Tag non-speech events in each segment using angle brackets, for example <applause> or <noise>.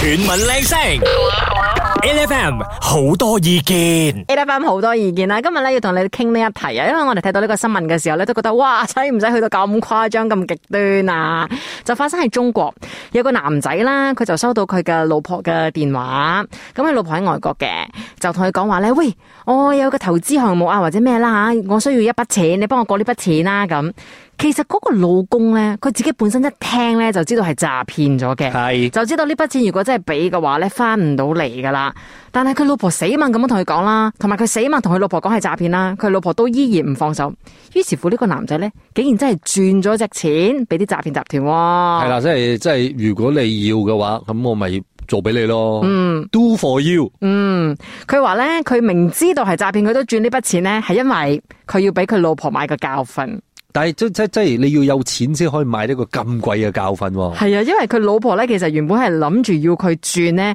全民靚聲，FM 好多意見，FM 好多意見啦！今日咧要同你傾呢一題啊，因為我哋睇到呢個新聞嘅時候咧，都覺得哇，使唔使去到咁誇張、咁極端啊？就發生喺中國，有個男仔啦，佢就收到佢嘅老婆嘅電話，咁佢老婆喺外國嘅，就同佢講話咧，喂，我有個投資項目啊，或者咩啦吓，我需要一筆錢，你幫我過呢筆錢啦、啊、咁。其實嗰個老公咧，佢自己本身一聽咧，就知道係詐騙咗嘅，係是就知道呢筆錢如果真係俾嘅話咧，翻唔到嚟噶啦。但係佢老婆死問咁樣同佢講啦，同埋佢死問同佢老婆講係詐騙啦，佢老婆都依然唔放手。於是乎呢個男仔咧，竟然真係賺咗只錢俾啲詐騙集團。係啦，即係即係如果你要嘅話，咁我咪做俾你咯。嗯，do for you。嗯，佢話咧，佢明知道係詐騙，佢都轉呢筆錢咧，係因為佢要俾佢老婆買個教訓。但係即即係你要有錢先可以買呢個咁貴嘅教訓。係啊，因為佢老婆咧，其實原本係諗住要佢轉咧。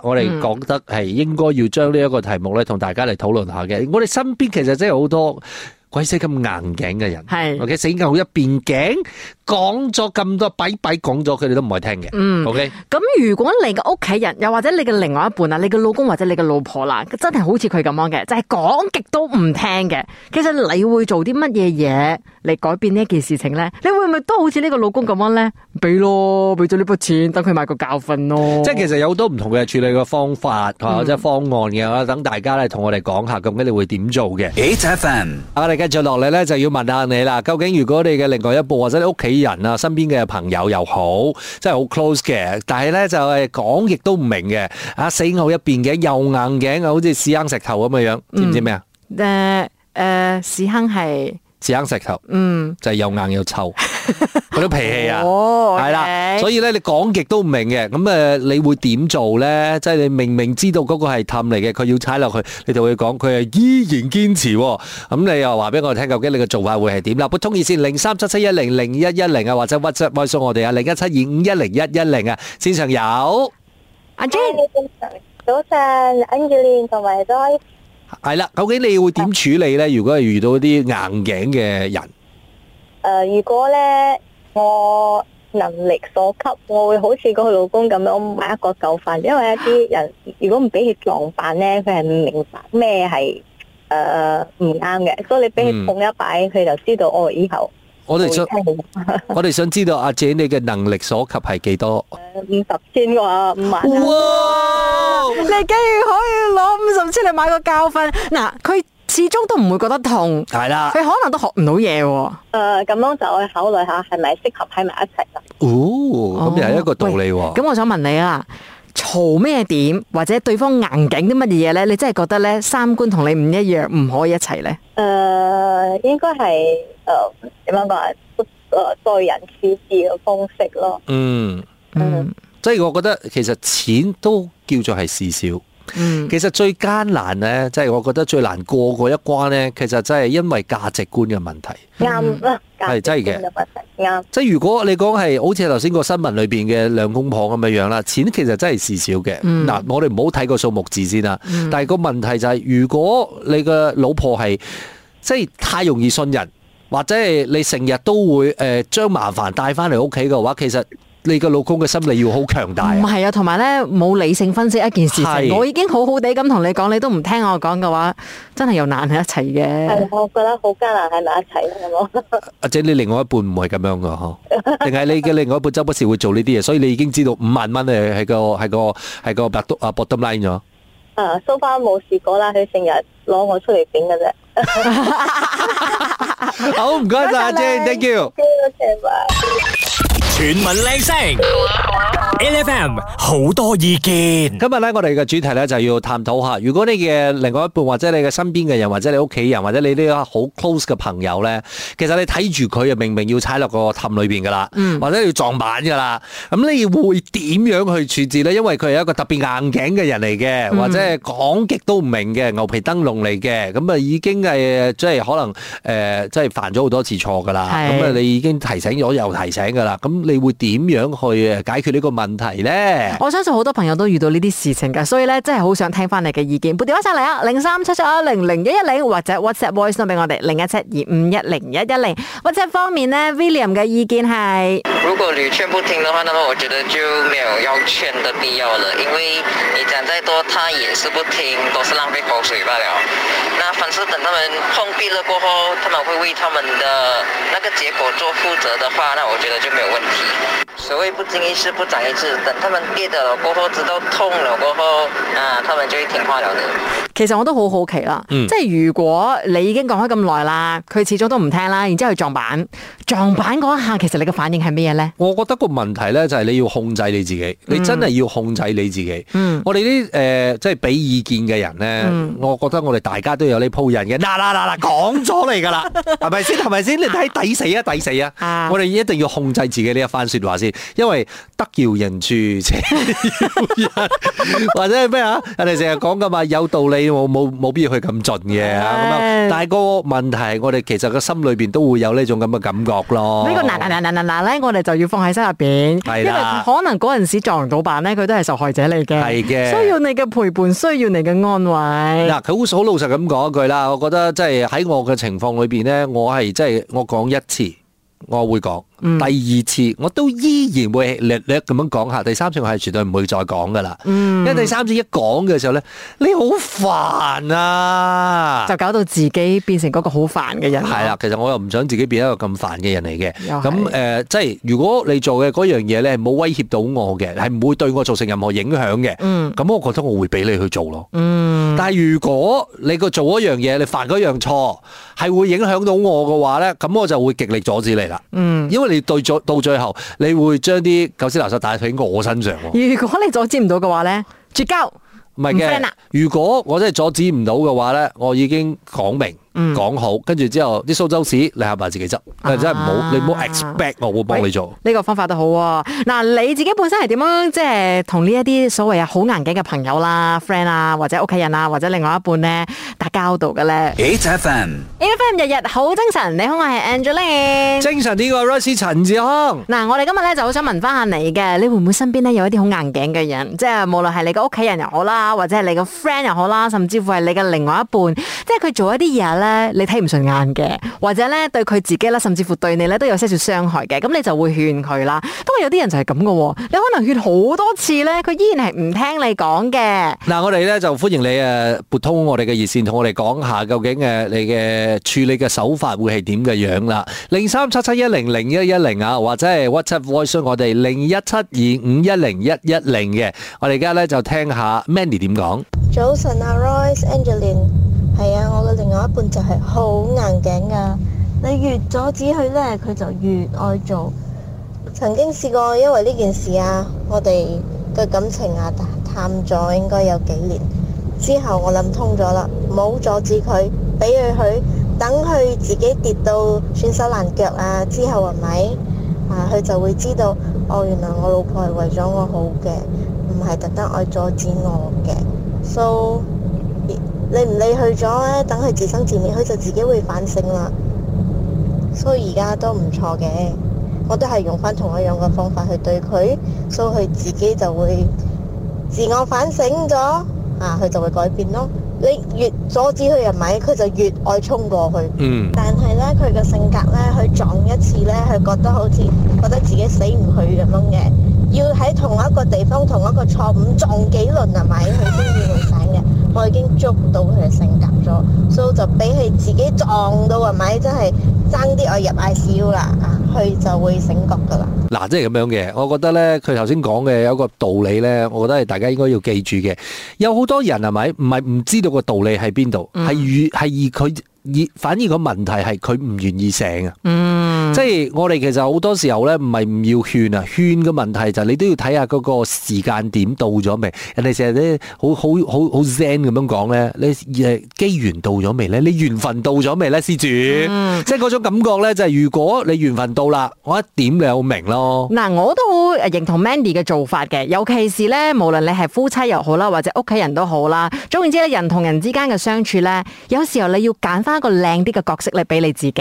<noise> 我哋覺得係應該要將呢一個題目咧，同大家嚟討論下嘅。我哋身邊其實真係好多。鬼死咁硬頸嘅人，係 OK 死硬好一邊頸，講咗咁多，擺擺講咗，佢哋都唔會聽嘅。嗯，OK。咁如果你嘅屋企人，又或者你嘅另外一半啦，你嘅老公或者你嘅老婆啦，真係好似佢咁樣嘅，就係講極都唔聽嘅。其實你會做啲乜嘢嘢嚟改變呢一件事情咧？你會唔會都好似呢個老公咁樣咧？俾咯，俾咗呢筆錢，等佢買個教訓咯。即係其實有好多唔同嘅處理嘅方法，或者方案嘅，等大家咧同我哋講下，究竟你會點做嘅？H F M，阿你。繼續落嚟咧，就要問下你啦，究竟如果你嘅另外一半或者你屋企人啊、身邊嘅朋友又好，真係好 close 嘅，但係咧就係、是、講極都唔明嘅，啊死牛一邊嘅又硬頸，好似屎坑石頭咁嘅樣，嗯、知唔知咩啊？誒誒、呃，呃、屎坑係屎坑石頭，嗯，就係又硬又臭。 <laughs> 嗰啲脾氣啊，係啦，所以咧你講極都唔明嘅，咁誒你會點做咧？即係你明明知道嗰個係氹嚟嘅，佢要踩落去，你就會講佢係依然堅持。咁你又話俾我哋聽，究竟你嘅做法會係點啦？撥通熱線零三七七一零零一一零啊，或者 WhatsApp 我哋啊零一七二五一零一一零啊，線上有 Angelina，早晨 Angelina 同埋都係啦。究竟你會點處理咧？如果係遇到啲硬頸嘅人？誒、呃，如果咧我能力所及，我會好似個老公咁樣買一個教訓，因為一啲人如果唔俾佢撞板咧，佢係唔明白咩係誒唔啱嘅，所以你俾佢碰一擺，佢、嗯、就知道我、哦、以後我哋想我哋想知道阿、啊、姐你嘅能力所及係幾多？五十千喎，五萬哇，哇，你竟然可以攞五十千嚟買個教訓，嗱佢。始終都唔會覺得痛，係啦的，佢可能都學唔到嘢，啊。誒、呃，咁樣就去考慮下，係咪適合喺埋一齊啦、啊？哦，咁、哦、又係一個道理喎、啊。咁我想問你啊，嘈咩點或者對方硬頸啲乜嘢嘢咧？你真係覺得咧三觀同你唔一樣，唔可以一齊咧？誒、呃，應該係誒點樣講？待人處事嘅方式咯。嗯嗯，即係、嗯嗯、我覺得其實錢都叫做係事小。嗯，其實最艱難咧，即、就、係、是、我覺得最難過嗰一關咧，其實真係因為價值觀嘅問題。啱啊、嗯，係真係嘅。嗯、即係如果你講係好似頭先個新聞裏邊嘅兩公婆咁嘅樣啦，錢其實真係事少嘅。嗱、嗯，我哋唔好睇個數目字先啦。嗯、但係個問題就係、是，如果你嘅老婆係即係太容易信人，或者係你成日都會誒將麻煩帶翻嚟屋企嘅話，其實。你個老公嘅心理要好強大。唔係啊，同埋咧冇理性分析一件事。我已經好好地咁同你講，你都唔聽我講嘅話，真係又難喺一齊嘅。係，我覺得好艱難喺埋一齊，係冇。阿姐，你另外一半唔係咁樣嘅呵？定係你嘅另外一半周不時會做呢啲嘢，所以你已經知道五萬蚊咧係個係個係個白都啊 bottom line 咗。啊，蘇花冇試過啦，佢成日攞我出嚟整嘅啫。好唔該晒，阿姐，thank you。好，謝拜。全民靚聲。L.F.M. 好多意見。今日咧，我哋嘅主題咧就要探討下，如果你嘅另外一半或者你嘅身邊嘅人，或者你屋企人，或者你呢個好 close 嘅朋友咧，其實你睇住佢啊，明明要踩落個氹裏邊噶啦，嗯、或者要撞板噶啦，咁你會點樣去處置咧？因為佢係一個特別硬頸嘅人嚟嘅，嗯、或者係講極都唔明嘅牛皮燈籠嚟嘅，咁啊已經係即係可能誒，即係犯咗好多次錯噶啦。咁啊是，你已經提醒咗，又提醒噶啦。咁你會點樣去解決呢個問嗯題咧，我相信好多朋友都遇到呢啲事情嘅，所以咧真係好想聽翻你嘅意見，撥電話上嚟啊，零三七七二零零一一零或者 WhatsApp voice 送俾我哋零一七二五一零一一零。WhatsApp 方面呢 William 嘅意見係：如果屢勸不聽嘅話，那麼我覺得就沒有要勸的必要了，因為你講再多，他也是不聽，都是浪費口水罷了。那凡是等他們碰壁了過後，他們會為他們的那個結果做負責的話，那我覺得就沒有問題。所謂不經一事，不長一。等他們跌到過後，知道痛了過後，嗯，他們就聽話了啲。其實我都好好奇啦，嗯、即係如果你已經講開咁耐啦，佢始終都唔聽啦，然之後去撞板。撞板嗰一下，其實你嘅反應係咩咧？我覺得個問題咧就係你要控制你自己，你真係要控制你自己。嗯，我哋啲誒即係俾意見嘅人咧，我覺得我哋大家都有呢鋪癮嘅，嗱嗱嗱嗱講咗嚟㗎啦，係咪先？係咪先？你睇抵死啊！抵死啊！我哋一定要控制自己呢一番説話先，因為得饒人處且饒人，或者係咩啊？人哋成日講㗎嘛，有道理冇？冇冇必要去咁盡嘅啊？咁樣，但係個問題，我哋其實個心裏邊都會有呢種咁嘅感覺。那個、拿拿拿呢個嗱嗱嗱嗱嗱咧，我哋就要放喺心入邊，的因為可能嗰陣時撞到板咧，佢都係受害者嚟嘅，的需要你嘅陪伴，需要你嘅安慰。嗱、啊，佢好好老實咁講一句啦，我覺得即係喺我嘅情況裏邊咧，我係即係我講一次，我會講。第二次我都依然會略略咁樣講下，第三次我係絕對唔會再講噶啦。嗯，因為第三次一講嘅時候咧，你好煩啊，就搞到自己變成嗰個好煩嘅人。係啦，其實我又唔想自己變成一個咁煩嘅人嚟嘅。咁誒是、呃，即係如果你做嘅嗰樣嘢咧冇威脅到我嘅，係唔會對我造成任何影響嘅。咁，嗯，我覺得我會俾你去做咯。嗯，但係如果你個做嗰樣嘢，你犯嗰樣錯係會影響到我嘅話咧，咁我就會極力阻止你啦。嗯，你到咗，到最後，你會將啲狗屎垃圾帶喺我身上。如果你阻止唔到嘅話咧，絕交。唔係嘅，如果我真係阻止唔到嘅話咧，我已經講明。嗯、講好，跟住之後啲蘇州市，你係咪自己執？啊、真係唔好，你唔好 expect，我會幫你做呢、啊哎呢個方法都好、啊。嗱、啊，你自己本身係點樣？即係同呢一啲所謂啊好硬頸嘅朋友啦、啊、friend 啊，或者屋企人啊，或者另外一半咧，打交道嘅咧？HFM，HFM 日日好精神。你好，我係 Angeline。精神啲嘅 Royce 陳志康。嗱、啊，我哋今日咧就好想問翻下你嘅，你會唔會身邊咧有一啲好硬頸嘅人？即、就、係、是、無論係你嘅屋企人又好啦，或者係你嘅 friend 又好啦，甚至乎係你嘅另外一半，即係佢做一啲嘢咧。你睇唔順眼嘅，或者咧對佢自己啦，甚至乎對你咧都有些少傷害嘅，咁你就會勸佢啦。不過有啲人就係咁嘅，你可能勸好多次咧，佢依然係唔聽你講嘅。嗱、啊，我哋咧就歡迎你誒撥、啊、通我哋嘅熱線，同我哋講下究竟誒、啊、你嘅處理嘅手法會係點嘅樣啦。零三七七一零零一一零啊，或者係 WhatsApp Voice 我哋零一七二五一零一一零嘅。我哋而家咧就聽下 Mandy 點講。早晨啊，Royce Angelin。Royce, Angelin 係啊，我嘅另外一半就係好硬頸噶，你越阻止佢咧，佢就越愛做。曾經試過因為呢件事啊，我哋嘅感情啊，淡咗應該有幾年。之後我諗通咗啦，唔好阻止佢，畀佢去，等佢自己跌到損手爛腳啊。之後係咪啊？佢就會知道，哦，原來我老婆係為咗我好嘅，唔係特登愛阻止我嘅。So 你唔理佢咗咧，等佢自生自滅，佢就自己會反省啦。所以而家都唔錯嘅，我都係用翻同一樣嘅方法去對佢，所以佢自己就會自我反省咗啊，佢就會改變咯。你越阻止佢，係咪？佢就越愛衝過去。嗯。但係咧，佢嘅性格咧，佢撞一次咧，佢覺得好似覺得自己死唔去咁樣嘅，要喺同一個地方同一個錯誤撞幾輪係咪，佢先會醒嘅。我已經捉到佢嘅性格咗，所以就俾佢自己撞到，係咪？真係爭啲我入 I C U 啦啊，佢就會醒覺噶啦。嗱、啊，即係咁樣嘅，我覺得咧，佢頭先講嘅有一個道理咧，我覺得係大家應該要記住嘅。有好多人係咪唔係唔知道個道理喺邊度？係遇係以佢以反而個問題係佢唔願意醒啊。嗯。即係我哋其實好多時候咧，唔係唔要勸啊！勸嘅問題就係你都要睇下個時間點到咗未。人哋成日咧好好好好 Zen 咁樣講咧，你誒機緣到咗未咧？你緣分到咗未咧？施主，嗯、即係種感覺咧，就係如果你緣分到啦，我一點你就明咯。嗱、嗯，我都好認同 Mandy 嘅做法嘅，尤其是咧，無論你係夫妻又好啦，或者屋企人都好啦，總言之咧，人同人之間嘅相處咧，有時候你要揀翻個靚啲嘅角色嚟，俾你自己，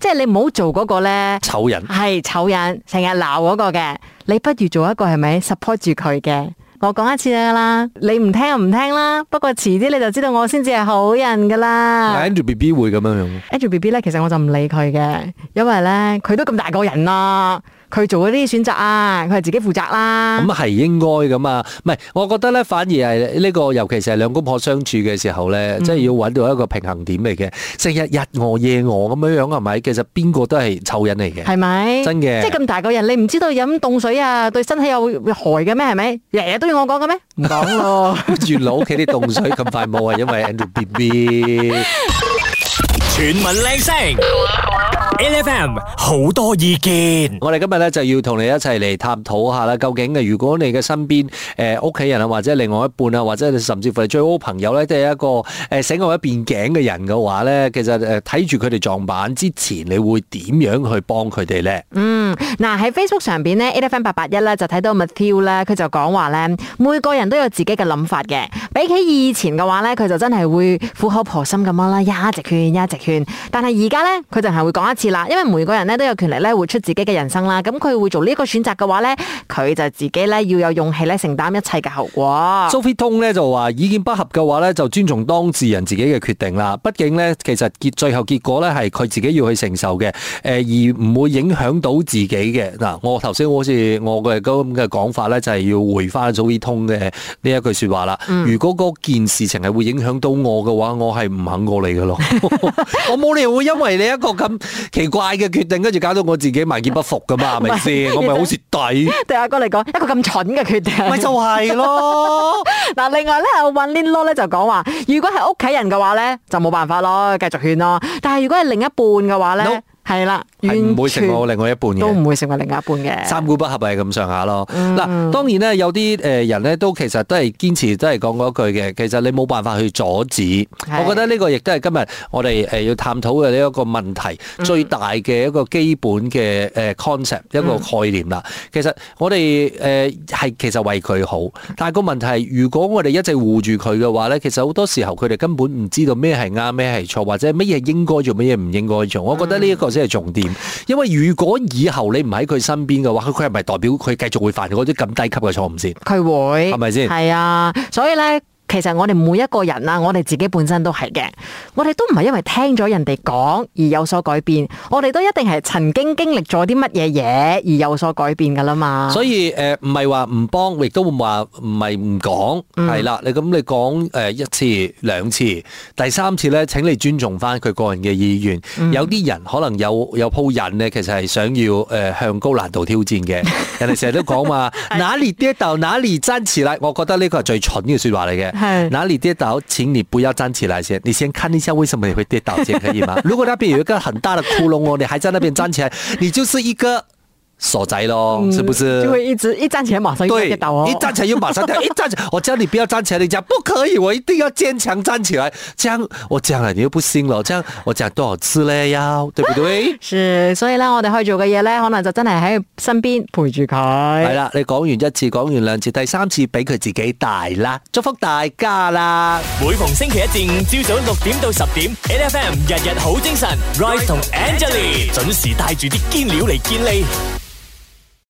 即係你唔好做嗰、嗰個咧。醜人係醜人，成日鬧嗰個嘅，你不如做一個係咪 support 住佢嘅？我講一次啦，你唔聽就唔聽啦，不過遲啲你就知道我先至係好人噶啦。Andrew BB 會咁樣樣？Andrew BB 咧，其實我就唔理佢嘅，因為咧佢都咁大個人啦、啊。佢做嗰啲選擇啊，佢係自己負責啦。咁係應該咁啊，唔係我覺得咧，反而係呢個，尤其是係兩公婆相處嘅時候咧，即係要搵到一個平衡點嚟嘅。成日日餓夜餓咁樣樣係咪？其實邊個都係湊人嚟嘅，係咪？真嘅。即係咁大個人，你唔知道飲凍水啊，對身體有會害嘅咩？係咪？日日都要我講嘅咩？唔講咯。原來屋企啲凍水咁快冇啊，因為 Andrew BB。全民靚聲。L.F.M. 好多意見，我哋今日咧就要同你一齊嚟探討下啦。究竟如果你嘅身邊誒屋企人啊，或者另外一半啊，或者甚至乎係最好朋友咧，都係一個誒醒覺一邊頸嘅人嘅話咧，其實誒睇住佢哋撞板之前，你會點樣去幫佢哋咧？嗯，嗱，喺 Facebook 上邊咧，L.F.M. 八八一咧就睇到 Matthew 咧，佢就講話咧，每個人都有自己嘅諗法嘅。比起以前嘅話咧，佢就真係會苦口婆心咁樣啦，一直勸一直勸。但係而家咧，佢就係會講一次。嗱，因為每個人咧都有權利咧，活出自己嘅人生啦。咁佢會做呢一個選擇嘅話咧，佢就自己咧要有勇氣咧承擔一切嘅後果。Sophie 通咧就話意見不合嘅話咧，就尊重當事人自己嘅決定啦。畢竟咧，其實結最後結果咧係佢自己要去承受嘅，誒而唔會影響到自己嘅。嗱，我頭先好似我嘅咁嘅講法咧，就係要回翻 Sophie 通嘅呢一句說話啦。嗯、如果嗰件事情係會影響到我嘅話，我係唔肯過你嘅咯。 <laughs> 我冇理由會因為你一個咁奇怪嘅決定，跟住搞到我自己萬劫不復噶嘛，係咪先？我咪好蝕底。對阿哥嚟講，一個咁蠢嘅決定。咪就係咯。嗱，另外咧，阿 Vinny 咧就講話，如果係屋企人嘅話咧，就冇辦法咯，繼續勸咯。但係如果係另一半嘅話咧，no. 係啦，唔會成為我另外一半嘅，都唔會成為另外一半嘅，三股不合係咁上下咯。嗱、嗯，當然咧，有啲誒人咧，都其實堅都係堅持，都係講嗰句嘅。其實你冇辦法去阻止。是我覺得呢個亦都係今日我哋誒要探討嘅呢一個問題，嗯、最大嘅一個基本嘅誒 concept 一個概念啦。其實我哋誒係其實為佢好，但係個問題係，如果我哋一直護住佢嘅話咧，其實好多時候佢哋根本唔知道咩係啱，咩係錯，或者乜嘢應該做，乜嘢唔應該做。我覺得呢、這、一個。即係重點，因為如果以後你唔喺佢身邊嘅話，佢佢係咪代表佢繼續會犯嗰啲咁低級嘅錯誤先？佢會係咪先？係啊，所以咧。其實我哋每一個人啊，我哋自己本身都係嘅，我哋都唔係因為聽咗人哋講而有所改變，我哋都一定係曾經經歷咗啲乜嘢嘢而有所改變噶啦嘛。所以誒，唔係話唔幫，亦都會話唔係唔講，係啦。你咁你講誒一次兩次，第三次咧，請你尊重翻佢個人嘅意願。有啲人可能有有鋪引呢，其實係想要誒向高難度挑戰嘅。人哋成日都講話，哪裏跌到哪裏真遲啦。我覺得呢個係最蠢嘅說話嚟嘅。哪裏跌倒，請你不要站起來先，你先看一下為什麼你會跌倒先，可以嗎？如果那邊有一個很大的窟窿哦，你還在那邊站起來，你就是一個，傻仔咯，嗯、是不是？就會一直一站起，馬上又跌、哦、對一站起又馬上跌， <laughs> 一站起我叫你不要站起來，你講不可以，我一定要堅強站起來。這樣我講啦，你又不聽咯。這樣我講多少次呢。呀？對不對？是，所以呢，我哋可以做嘅嘢呢，可能就真係喺身邊陪住佢。係啦，你講完一次，講完兩次，第三次俾佢自己大啦。祝福大家啦！每逢星期一至五朝早六點到十點，N F M 日,日日好精神，Rise 同 Angelie 準時帶住啲堅料嚟建立。